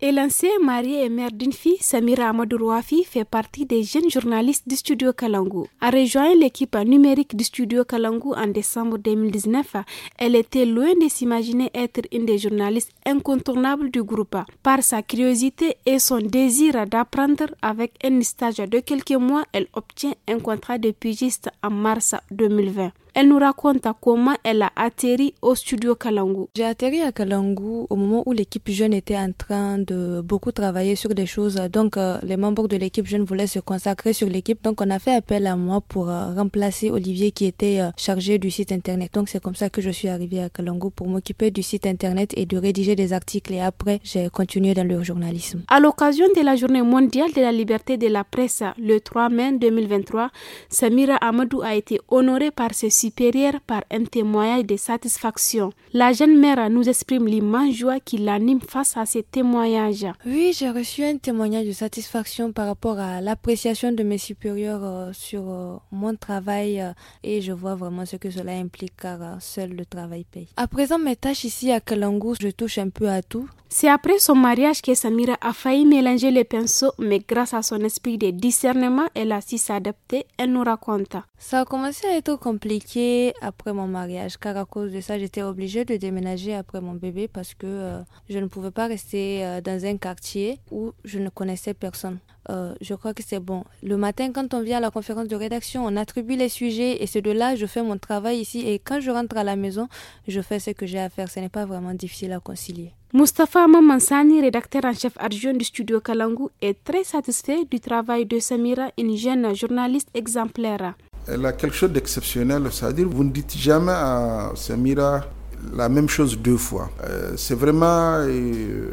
Et mariée et mère d'une fille, Samira Amadou fait partie des jeunes journalistes du studio Kalangu. A rejoint l'équipe numérique du studio Kalangu en décembre 2019, elle était loin de s'imaginer être une des journalistes incontournables du groupe. Par sa curiosité et son désir d'apprendre avec un stage de quelques mois, elle obtient un contrat de pigiste en mars 2020. Elle nous raconte comment elle a atterri au studio Kalangu. J'ai atterri à Kalangu au moment où l'équipe jeune était en train de beaucoup travailler sur des choses. Donc, euh, les membres de l'équipe jeune voulaient se consacrer sur l'équipe. Donc, on a fait appel à moi pour euh, remplacer Olivier qui était euh, chargé du site internet. Donc, c'est comme ça que je suis arrivée à Kalangu pour m'occuper du site internet et de rédiger des articles. Et après, j'ai continué dans le journalisme. À l'occasion de la journée mondiale de la liberté de la presse, le 3 mai 2023, Samira Amadou a été honorée par ce par un témoignage de satisfaction. La jeune mère nous exprime l'immense joie qui l'anime face à ces témoignages. Oui, j'ai reçu un témoignage de satisfaction par rapport à l'appréciation de mes supérieurs euh, sur euh, mon travail euh, et je vois vraiment ce que cela implique car seul le travail paye. À présent, mes tâches ici à Kalangu, je touche un peu à tout. C'est après son mariage que Samira a failli mélanger les pinceaux, mais grâce à son esprit de discernement, elle a su s'adapter, elle nous raconta. Ça a commencé à être compliqué après mon mariage, car à cause de ça, j'étais obligée de déménager après mon bébé parce que euh, je ne pouvais pas rester euh, dans un quartier où je ne connaissais personne. Euh, je crois que c'est bon. Le matin, quand on vient à la conférence de rédaction, on attribue les sujets et c'est de là que je fais mon travail ici. Et quand je rentre à la maison, je fais ce que j'ai à faire. Ce n'est pas vraiment difficile à concilier. Mustapha Mamansani, rédacteur en chef adjoint du studio Kalangu, est très satisfait du travail de Samira, une jeune journaliste exemplaire elle a quelque chose d'exceptionnel. C'est-à-dire, vous ne dites jamais à Samira la même chose deux fois. Euh, c'est vraiment euh,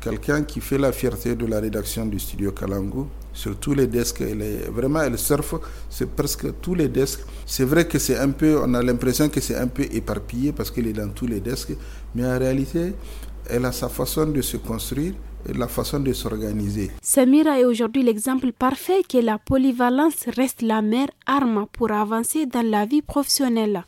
quelqu'un qui fait la fierté de la rédaction du studio Kalango, sur tous les desks. Elle est, vraiment, elle surfe sur presque tous les desks. C'est vrai que c'est un peu, on a l'impression que c'est un peu éparpillé parce qu'elle est dans tous les desks, mais en réalité, elle a sa façon de se construire la façon de s'organiser. Samira est aujourd'hui l'exemple parfait que la polyvalence reste la meilleure arme pour avancer dans la vie professionnelle.